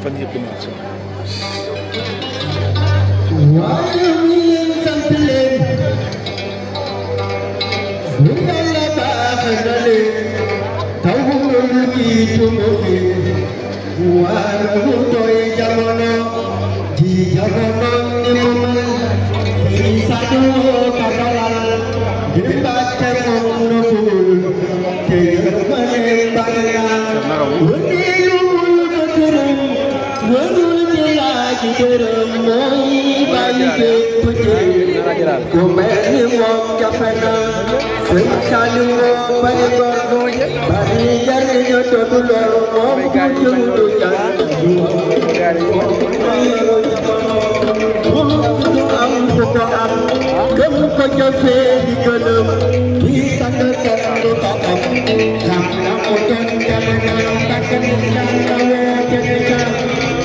von ihr benutzen. woo kafana sëñ Saliou moo bari góor bari jariñu te du loru moom ku jëm du jàng am ku ko am gëm ko jëfee di gëlëm di sant kenn du ko am xam na mu dem jamono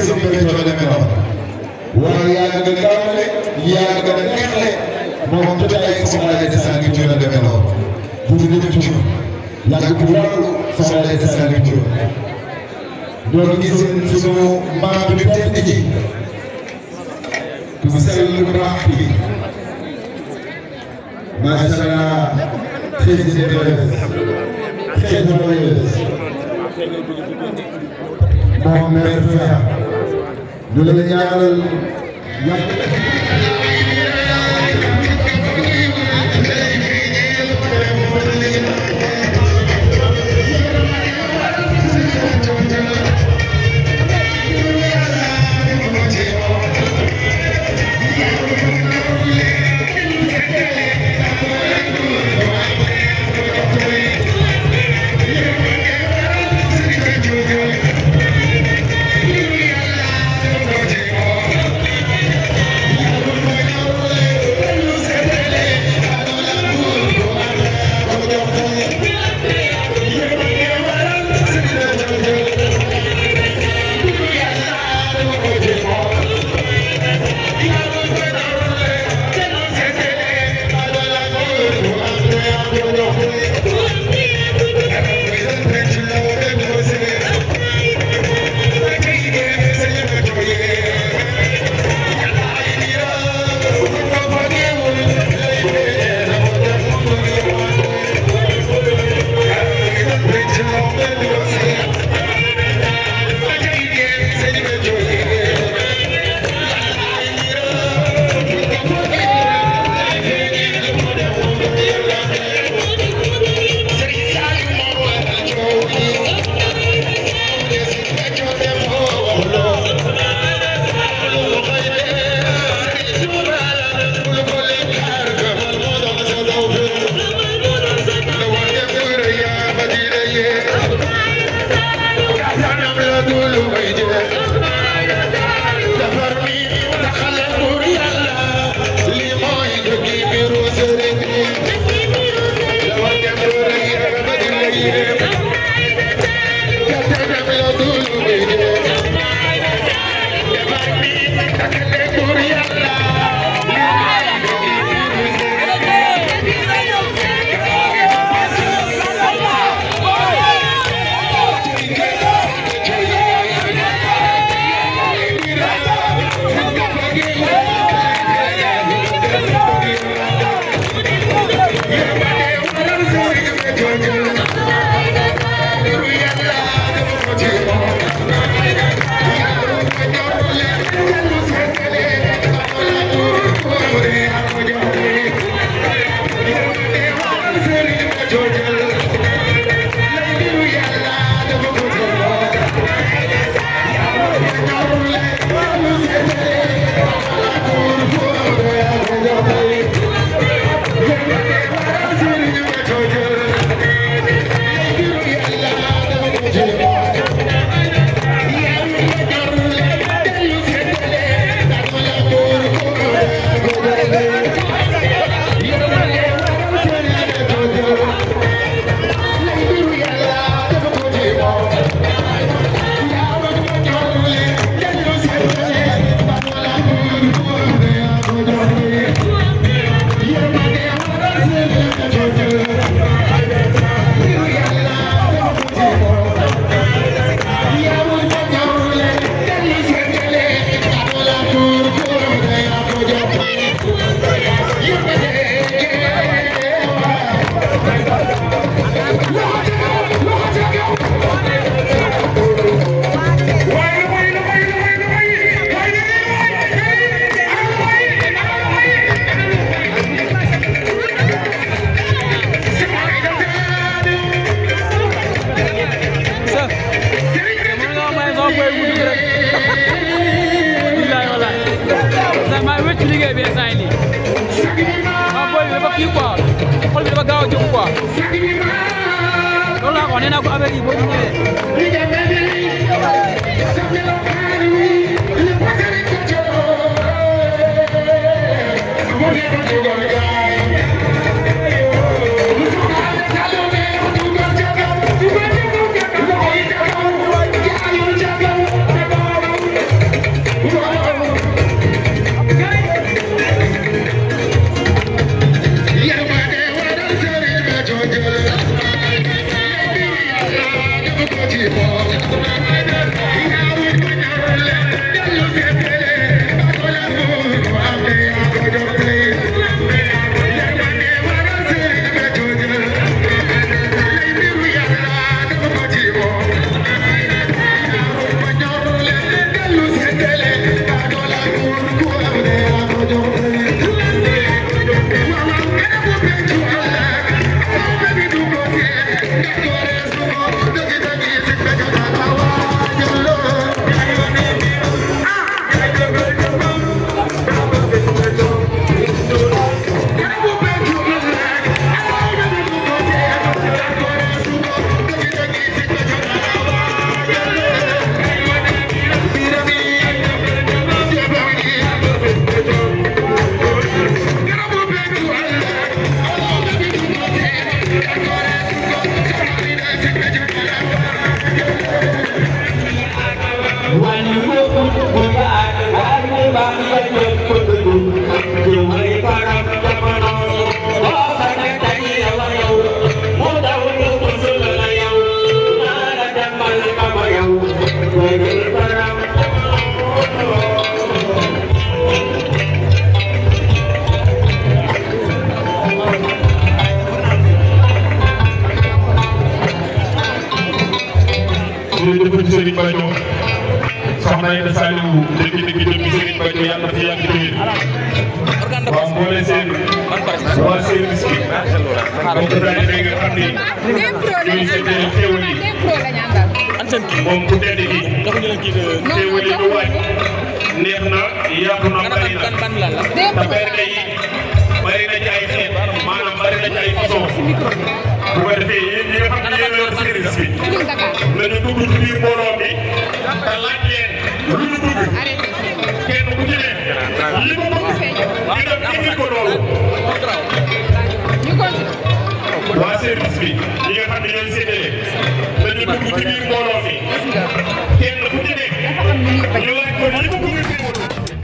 ci sa mbir coono demee noonu yaa ngi gën a gaawale yaa ngi gën a neexle moom jot ay soxla yi desaan ngi coono demee noonu bu ñu def ci yàgg bu wàllu soxla yi desaan ngi coono donc gis ngeen sunu maam bi tedd ji ku sell lu baax bi macha allah xëy na dina des xëy na dina des moom mère Faye ñu ngi lay ñaanal yàlla ah booy bi dafa kii quoi xol bi dafa gaaw a jóg quoi loolu laa ko wax nee naa ko affaire yi boo ci ñëwee. biscuit bokk taalibe yi nga xam ni ñooy jotee xéewal yi moom ku tedd gi xéewal yi lu waaj neex na yaatu na bari na te bari na yi bari na ci ay xeet maanaam bari na ci ay façon bu ko defee yéen ñi nga xam ne yéen a yor service bi nañu dugg ci biir mbooloo bi te laaj leen lu ñu dugg kenn ku ci ne li mu bëgg ñu def indi ko loolu waa service bi ñi nga xam ne ñooy séddale dañu dugg ci biir mbooloo mi kenn ku ci nekk ñu laaj ko ñi bëgg